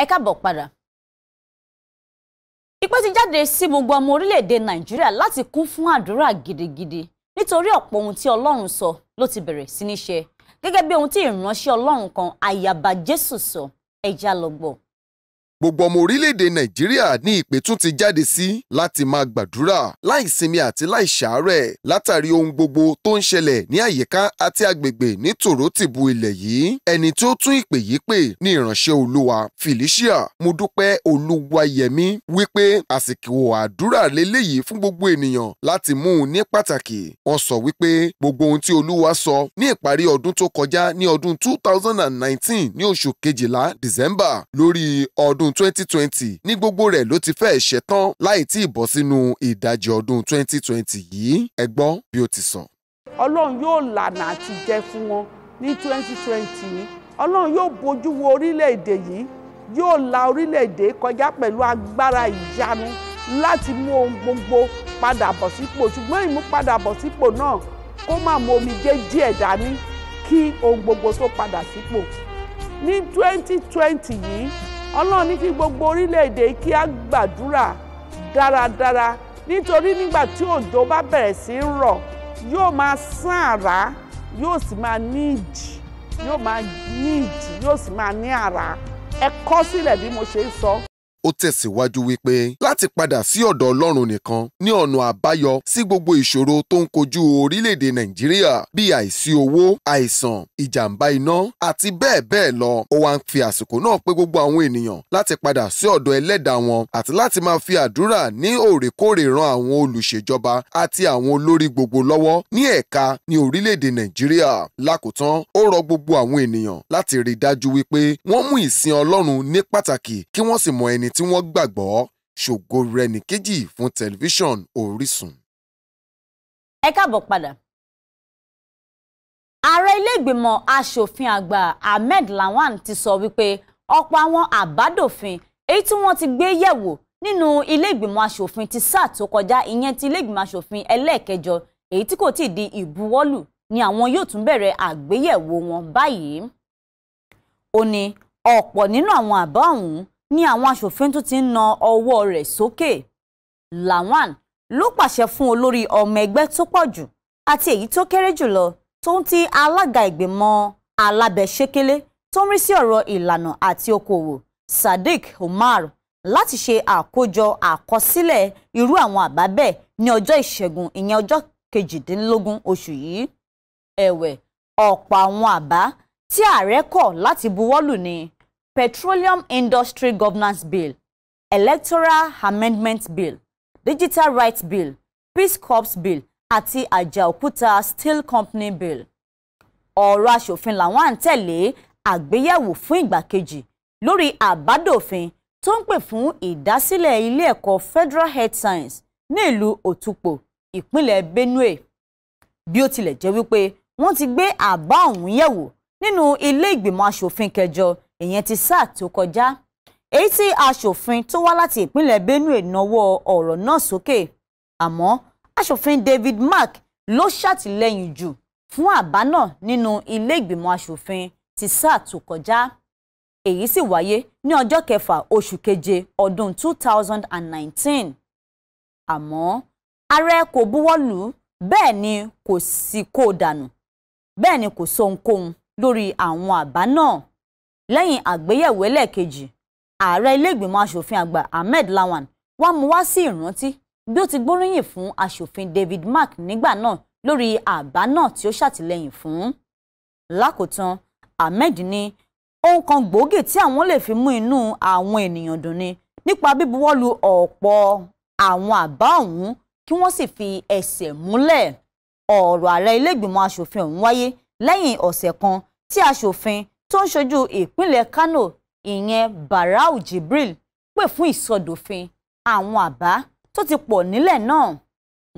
ẹ káàbọ̀ padà. ìpè ti jáde sí gbogbo ọmọ orílẹ̀-èdè nàìjíríà láti kún fún àdúrà gidigidi nítorí ọ̀pọ̀ ohun tí ọlọ́run sọ ló ti bẹ̀rẹ̀ sí ní ṣe gẹ́gẹ́ bí ohun tí ìránṣẹ́ ọlọ́run kan ayaba jésù sọ ẹja lọ gbọ́ gbogbo ọmọ orílẹ̀-èdè nàìjíríà ní ìpè tún ti jáde sí láti máa gbàdúrà láìsinmi àti láìṣàárẹ̀ látàrí ohun gbogbo tó ń ṣẹlẹ̀ ní àyíká àti agbègbè ní tòrótìbù ilẹ̀ yìí ẹni tí ó tún ìpè yìí pè ní ìránṣẹ́ olúwa felicia mudúpẹ́ olúwayẹmí wípé àsìkò àdúrà lélẹ́yìí fún gbogbo ènìyàn láti mú un ní pàtàkì wọ́n sọ wípé gbogbo ohun tí olúwa sọ ní ìparí ọdún tó kọjá ní ọdún 2019 ní oṣù kejìlá december lórí ọdún ọdún 2020 ní gbogbo rẹ̀ ló ti fẹ́ẹ̀ ṣetán láì tí ì bọ́ sínú ìdajì ọdún 2020 yìí ẹ gbọ́ bí ó ti sọ. ọlọ́run yóò lànà àti jẹ fún wọn ní 2020 yìí ọlọ́run yóò bójú wo orílẹ̀-èdè yìí yóò la orílẹ̀-èdè kọjá pẹ̀lú agbára ìyanu láti mú ohun gbogbo padà bọ̀ sípò ṣùgbọ́n ìmúpadà bọ̀ sípò náà kó má mú omijé díẹ̀ dání kí ohun gbogbo tó padà sípò ní 2020 yìí ọlọ́run ní kí gbogbo orílẹ̀-èdè kí á gbàdúrà dáradára nítorí nígbà tí òjò bá bẹ̀rẹ̀ sí í rọ̀ yóò máa sán àrá yóò sì máa ní ìjì yóò máa ní ìjì yóò sì máa ní àrá ẹ kọ sílẹ̀ bí mo ṣe ń sọ ó tẹ̀síwájú wípé láti padà sí ọ̀dọ̀ ọlọ́run nìkan ní ọ̀nà àbáyọ sí gbogbo ìṣòro tó ń kojú orílẹ̀-èdè nàìjíríà bíi àìsí owó àìsàn ìjàmbá iná àti bẹ́ẹ̀ bẹ́ẹ̀ lọ ó wá ń fi àsìkò náà pé gbogbo àwọn ènìyàn láti padà sí ọ̀dọ̀ ẹlẹ́dàá wọn àti láti máa fi àdúrà ní òrèkóòrè ran àwọn olùṣèjọba àti àwọn olórí gbogbo lọ́wọ́ ní ẹ̀ka ní orílẹ̀-èdè nàìjíríà lákòótán ó rọ gbogbo àwọn ènìyàn láti rí dájú wípé wọ́n mú ìsìn ọlọ́run ní pàtàkì kí wọ́n sì tí wọ́n gbàgbọ́ ṣògo rẹ̀ nìkejì fún tẹlifíṣàn Orísun. ẹ káàbọ̀ padà ààrẹ ilé-ìgbìmọ̀ asòfin àgbà Ahmed Lawan ti sọ wípé ọ̀pọ̀ àwọn àbádòfin èyí tí wọ́n ti gbé yẹ̀wò nínú ilé-ìgbìmọ̀ asòfin ti sáà tó kọjá ìyẹn ti ilé-ìgbìmọ̀ asòfin ẹlẹ́ẹ̀kẹjọ èyí tí kò tí ì di ìbuwọ́lù ni àwọn yóò tún bẹ̀rẹ̀ àgbéyẹ̀wò wọn báyìí. ó ní ọ̀pọ̀ nínú àwọn àbá ọ̀hún ni àwọn aṣòfin tún ti ń na ọwọ́ rẹ̀ sókè Lawan ló pàṣẹ fún olórí ọmọ ẹgbẹ́ tó pọ̀ jù àti èyí tó kéré jùlọ tó ń ti alága ìgbìmọ̀ alábẹ̀ṣékélé tó ń rí sí ọ̀rọ̀ ìlànà àti okòwò Sadiq Umar láti ṣe àkójọ àkọsílẹ̀ irú àwọn àbá bẹ́ẹ̀ ní ọjọ́ ìṣẹ́gun ìyẹn ọjọ́ kejìdínlógún oṣù yìí ẹ̀wẹ̀ ọ̀pọ̀ àwọn àbá tí ààrẹ kọ̀ láti buwọ́lù ni Petroleum Industry Governance Bill, Electoral Amendment Bill, Digital Rights Bill, Peace Corps Bill àti Àjàòkúta Steel Company Bill. Ọ̀rọ̀ aṣòfin làwọn à ń tẹ̀lé àgbéyẹ̀wò fún ìgbà kejì lórí àbádòfin tó ń pè fún ìdásílẹ̀ ilé ẹ̀kọ́ Federal Health Science ní ìlú Òtúpò ìpínlẹ̀ Benue bí ó tilẹ̀ jẹ́ wípé wọ́n ti gbé àbá ọ̀hún yẹ̀wò nínú ilé ìgbìmọ̀ aṣòfin kẹjọ ìyẹn ti sáà tó kọjá èyí tí aṣòfin tó wá láti ìpínlẹ̀ Benue náwó ọ̀rọ̀ náà sókè àmọ́ aṣòfin David Mark ló ṣàtìlẹ́yìn jù fún àbá náà nínú ilé ìgbìmọ̀ aṣòfin ti sáà tó kọjá èyí sì wáyé ní ọjọ́ kẹfà oṣù keje ọdún 2019 àmọ́ ààrẹ kò buwọ́ lù ú bẹ́ẹ̀ ni kò sì kó dànù bẹ́ẹ̀ ni kò sọ ohunkóhun lórí àwọn àbá náà lẹ́yìn àgbéyẹ̀wò ẹlẹ́ẹ̀kejì ààrẹ iléègbìmọ̀ asòfin àgbà Ahmed Lawan wá mú wá sí ìrántí bí ó ti gbóríyìn fún asòfin David Mark nígbà náà lórí àbá náà tí ó ṣàtìlẹ́yìn fún. lákòótán Ahmed ní ohun kan gbòógì tí àwọn lè fi mú inú àwọn ènìyàn dùn ni nípa bíbuwọ́lù ọ̀pọ̀ àwọn àbá ọ̀hún kí wọ́n sì fi ẹsẹ̀ múlẹ̀ ọ̀rọ̀ ààrẹ iléègbìmọ̀ asòfin ọ̀hún wáyé lẹ́yìn ọ̀sẹ̀ kan tí asòfin tó ń ṣojú ìpínlẹ̀ Kano ìyẹn Barau Jibril pè fún ìsọdòfin àwọn àbá tó ti pọ̀ nílẹ̀ náà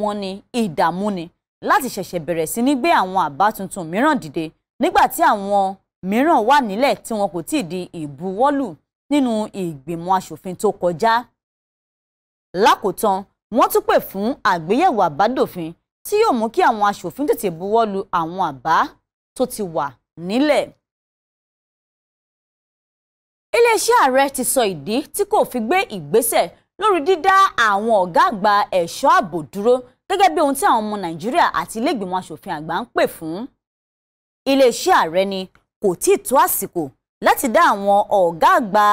wọ́n ní ìdààmú ni láti ṣẹ̀ṣẹ̀ bẹ̀rẹ̀ sí ní gbé àwọn àbá tuntun mìíràn dìde nígbà tí àwọn mìíràn wà nílẹ̀ tí wọn kò tíì di ìbuwọ́lù nínú ìgbìmọ̀ asòfin tó kọjá lákòótán wọ́n tún pè fún àgbéyẹ̀wò àbádòfin tí yóò mú kí àwọn asòfin tètè buwọ́lù àwọn àbá tó ti wà nílẹ̀ iléeṣẹ́ ààrẹ ti sọ ìdí tí kò fi gbé ìgbésẹ̀ lórí dídá àwọn ọ̀gá àgbà ẹ̀ṣọ́ ààbò dúró gẹ́gẹ́ bí ohun tí àwọn ọmọ nàìjíríà àti iléègbìmọ̀ asòfin àgbà ń pè fún. iléeṣẹ́ ààrẹ ni kò tí ì tó àsìkò láti dá àwọn ọ̀gá àgbà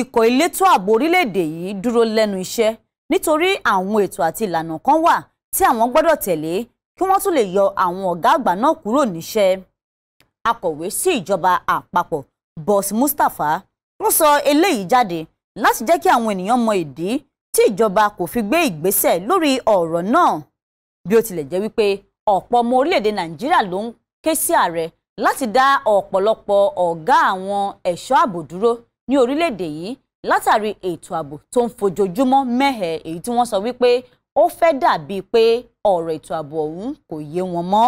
ikọ̀ elétò ààbò orílẹ̀-èdè yìí dúró lẹ́nu iṣẹ́ nítorí àwọn ètò àti ìlànà kan wà tí àwọn gbọ́dọ̀ tẹ̀lé kí wọ́n tún lè yọ àwọn ọ̀gá àgbà náà kúrò níṣẹ́. akọ̀wé sí ìjọba àpapọ̀ Boss Mustapha wọ́n sọ eléyìí jáde láti jẹ́ kí àwọn ènìyàn mọ ìdí tí ìjọba kò fi gbé ìgbésẹ̀ lórí ọ̀rọ̀ náà bí ó tilẹ̀ jẹ́ wípé ọ̀pọ̀ ọmọ orílẹ̀-èdè nàìjíríà ló ń ké sí ààrẹ láti dá ọ̀pọ̀lọpọ̀ ọ̀gá àwọn ẹ̀ṣọ́ ààbò dúró ní orílẹ̀-èdè yìí látàrí ètò ààbò tó ń fojoojúmọ́ mẹ́hẹ̀ èyí tí wọ́n sọ wípé ó fẹ́ dàbí pé ọ̀rọ̀ ètò ààbò ọ̀hún kò yé wọn mọ́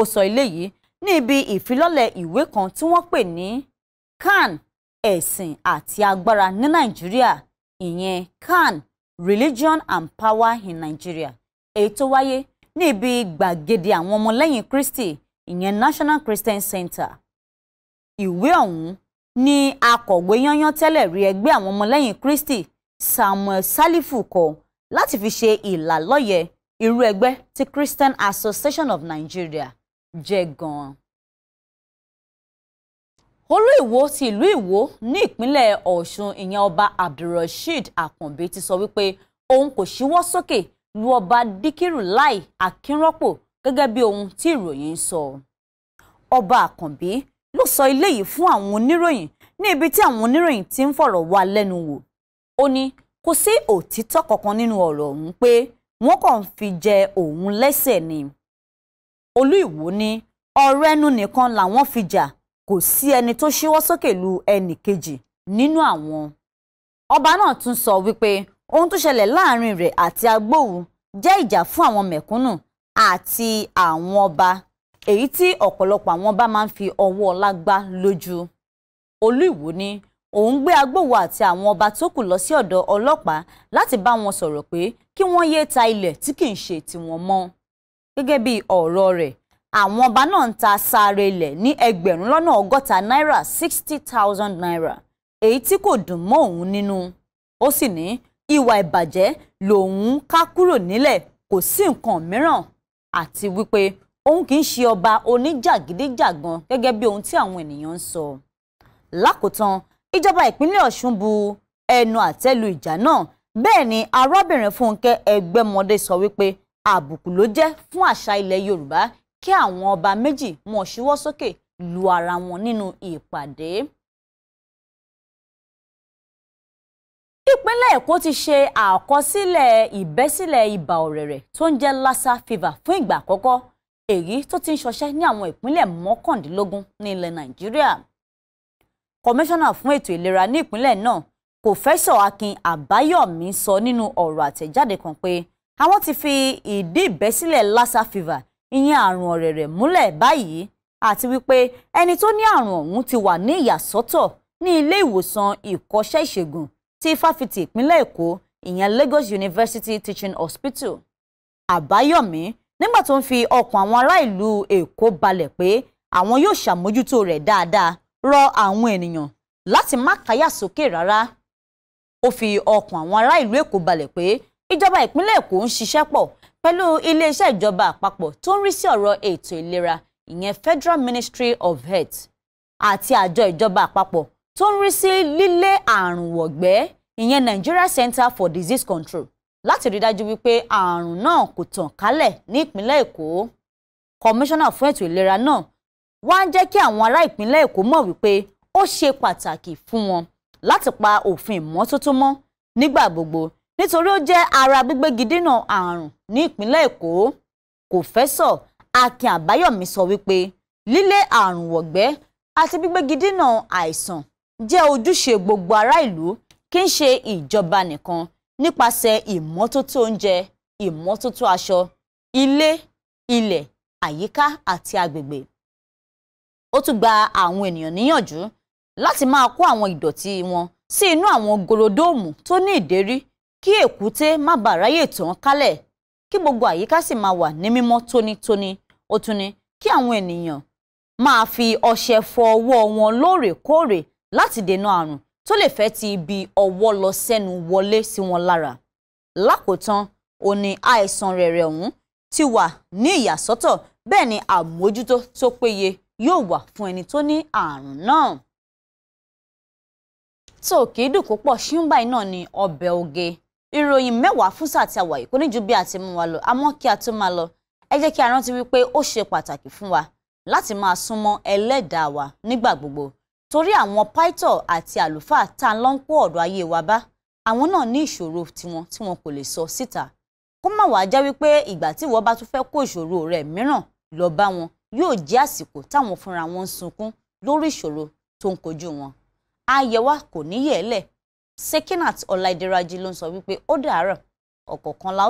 ó sọ eléyìí ní ibi ìfilọ́lẹ̀ ìwé kan tí wọ́n pè ní CAN ẹ̀sìn àti agbára ní nàìjíríà ìyẹn CAN religion and power in nigeria èyí tó wáyé ní ibi gbàgede àwọn ọmọlẹ́yìn kristi ìyẹn national christian center ìwé ọ̀hún ni akọ̀wé yányán tẹ́lẹ̀ rí ẹgbẹ́ àwọn ọmọlẹ́yìn kristi samuel salifu kọ láti fi ṣe ìlàlọ́yẹ̀ irú ẹgbẹ́ tí christian association of nigeria jẹ́ gan-an olú ìwó ti ìlú ìwó ní ìpínlẹ̀ ọ̀ṣun ìyẹn ọba abdulrasheed akànbí ti sọ wípé òun kò ṣíwọ́ sókè lu ọba díkírùláì akínrọ́pò gẹ́gẹ́ bí ohun tí ìròyìn sọ ọba akànbí ló sọ eléyìí fún àwọn oníròyìn ní ibi tí àwọn oníròyìn ti ń fọ̀rọ̀ wá lẹ́nu wò ó ní kò sí òtítọ́ kankan nínú ọ̀rọ̀ ọ̀hún pé wọ́n kàn ń fi jẹ òun lẹ́sẹ̀ ni olú ìwó ní ọ̀rọ̀ nìkan làwọn fi jà kò sí ẹni tó ṣíwọ́ sókè lu ẹnì kejì nínú àwọn. ọba náà tún sọ wípé ohun tó ṣẹlẹ̀ láàrin rẹ̀ àti agbóhùn jẹ́ ìjà fún àwọn mẹ̀kúnnù àti àwọn ọba èyí tí ọ̀pọ̀lọpọ̀ àwọn ọba máa ń fi ọwọ́ ọlá gbá lójú. olú ìwò ni òun gbé agbóhùn àti àwọn ọba tó kù lọ sí ọ̀dọ̀ ọlọ́pàá láti bá wọn sọ̀rọ̀ pé kí wọ́n yéé ta ilẹ̀ tí kì í ṣe tiwọn mọ́. gẹ́gẹ́ bí ọ̀rọ̀ rẹ̀ àwọn ọba náà ń ta sáré ilẹ̀ ní ẹgbẹ̀rún lọ́nà ọgọ́ta náírà sixty thousand naira èyí tí kò dùn mọ́ òun nínú ó sì ní ìwà ìbàjẹ́ lòun ká kúrò nílẹ̀ kò sí nǹkan mìíràn àti wípé òun kì í ṣe ọba oníjàgídíjàgan gẹ́gẹ́ bí ohun tí àwọn ènìyàn ń sọ lákòótán ìjọba ìpínlẹ̀ Ọ̀ṣun bu ẹnu àtẹ́ ìjà náà bẹ́ẹ̀ ni arábìnrin Fúnkẹ́ Ẹgbẹ́mọdé sọ wípé àbùkù ló jẹ́ fún àṣà ilẹ̀ Yorùbá kí àwọn ọba méjì wọn ṣíwọ́ sókè lu ara wọn nínú ìpàdé. ìpínlẹ̀ èkó ti ṣe àkọsílẹ̀ ìbẹ́sílẹ̀ ibà ọ̀rẹ̀rẹ̀ tó ń jẹ́ lassa fever fún ìgbà àkọ́kọ́ èyí tó ti ń ṣọṣẹ́ ní àwọn ìpínlẹ̀ mọ́kàndínlógún ní ilẹ̀ nàìjíríà kọmíṣánná fún ètò ìlera ní ìpínlẹ̀ náà kòfẹ́sọ̀ akin àbáyọ̀mí sọ nínú ọ̀rọ̀ àtẹ̀jáde kan pé àwọn ti fi ìdí ìbẹ́sílẹ̀ lassa fever ìyẹn àrùn ọ̀rẹ̀rẹ̀ múlẹ̀ báyìí àti wípé ẹni tó ní àrùn ọ̀hún ti wà ní ìyàsọ́tọ̀ ní ilé ìwòsàn ìkọ́ṣẹ́ ìṣègùn ti fáfitì ìpínlẹ̀ Èkó ìyẹn Lagos University Teaching Hospital Àbáyọ̀mí nígbà tó ń fi ọkàn àwọn ará ìlú Èkó balẹ̀ pé àwọn yóò ṣàmójútó rẹ̀ dáadáa rọ àwọn ènìyàn láti má káyà sókè rárá ó fi ọkàn àwọn ará ìlú Èkó balẹ̀ pé ìjọba ìpínlẹ̀ Èkó ń ṣiṣẹ́ pọ̀ pẹ̀lú iléeṣẹ́ ìjọba àpapọ̀ tó ń rí sí ọ̀rọ̀ ètò ìlera ìyẹn Federal Ministry of Health àti àjọ ìjọba àpapọ̀ tó ń rí sí lílé àrùn wọ̀gbẹ́ ìyẹn Nigeria Center for Disease Control láti rí dájú wípé àrùn náà kò tàn kálẹ̀ ní ìpínlẹ̀ Èkó kọmíṣánná fún ètò ìlera náà wá ń jẹ́ kí àwọn ará ìpínlẹ̀ Èkó mọ̀ wípé ó ṣe pàtàkì fún wọn láti pa òfin ìmọ́tótó mọ́ nígbà gbogbo nítorí ó jẹ́ ara gbígbégi dínà àrùn ní ìpínlẹ̀ Èkó kòfẹ́sọ̀ Akin Àbáyọ̀mí sọ wípé lílé àrùn wọ̀gbẹ́ àti gbígbégi dínà àìsàn jẹ́ ojúṣe gbogbo ará ìlú kì í ṣe ìjọba nìkan nípasẹ̀ ìmọ́tótó oúnjẹ ìmọ́tótó aṣọ ilé ilẹ̀ àyíká àti agbègbè ó tún gba àwọn ènìyàn níyànjú láti máa kó àwọn ìdọ̀tí wọn sí inú àwọn golodomu tó ní ìdérí kí èkúté má bàa ráyè tàn kálẹ̀ kí gbogbo àyíká sì máa wà ní mímọ́ tónítóní ó tún ní kí àwọn ènìyàn máa fi ọṣẹ fọ ọwọ́ wọn lóòrèkóòrè láti dènà àrùn tó lè fẹ́ ti ibi ọwọ́ lọ sẹ́nu wọlé sí wọn lára lákòótán ó ní àìsàn rẹ̀rẹ̀ ọ̀hún ti wà ní ìyàsọ́tọ̀ bẹ́ẹ̀ ni àmójútó tó péye yóò wà fún ẹni tó ní àrùn náà tó kì í dùn kó pọ̀ ṣíúmbà iná ni ọbẹ̀ oge ìròyìn mẹ́wàá fún sáà tí a wà yìí kò ní ju bí a ti mú wa lọ àmọ́ kí a tó máa lọ ẹ jẹ́ kí a rántí wípé ó ṣe pàtàkì fún wa láti máa súnmọ́ ẹlẹ́dàá wa nígbà gbogbo torí àwọn pító àti àlùfáà tá a lọ ń kó ọ̀rọ̀ ayé wa bá àwọn náà ní ìṣòro tiwọn tí wọn kò lè sọ síta kó má wàá jẹ́ wípé ìgbà tí ìwọ bá tún fẹ́ kó ìṣòro rẹ̀ mìíràn lọ bá wọn yóò jẹ́ àsìkò táwọn fúnra wọn ń sunkún lórí ìṣòro Sekinat Ọláìdérájí ló ń sọ wípé ó dàárọ̀ ọ̀kọ̀ọ̀kan la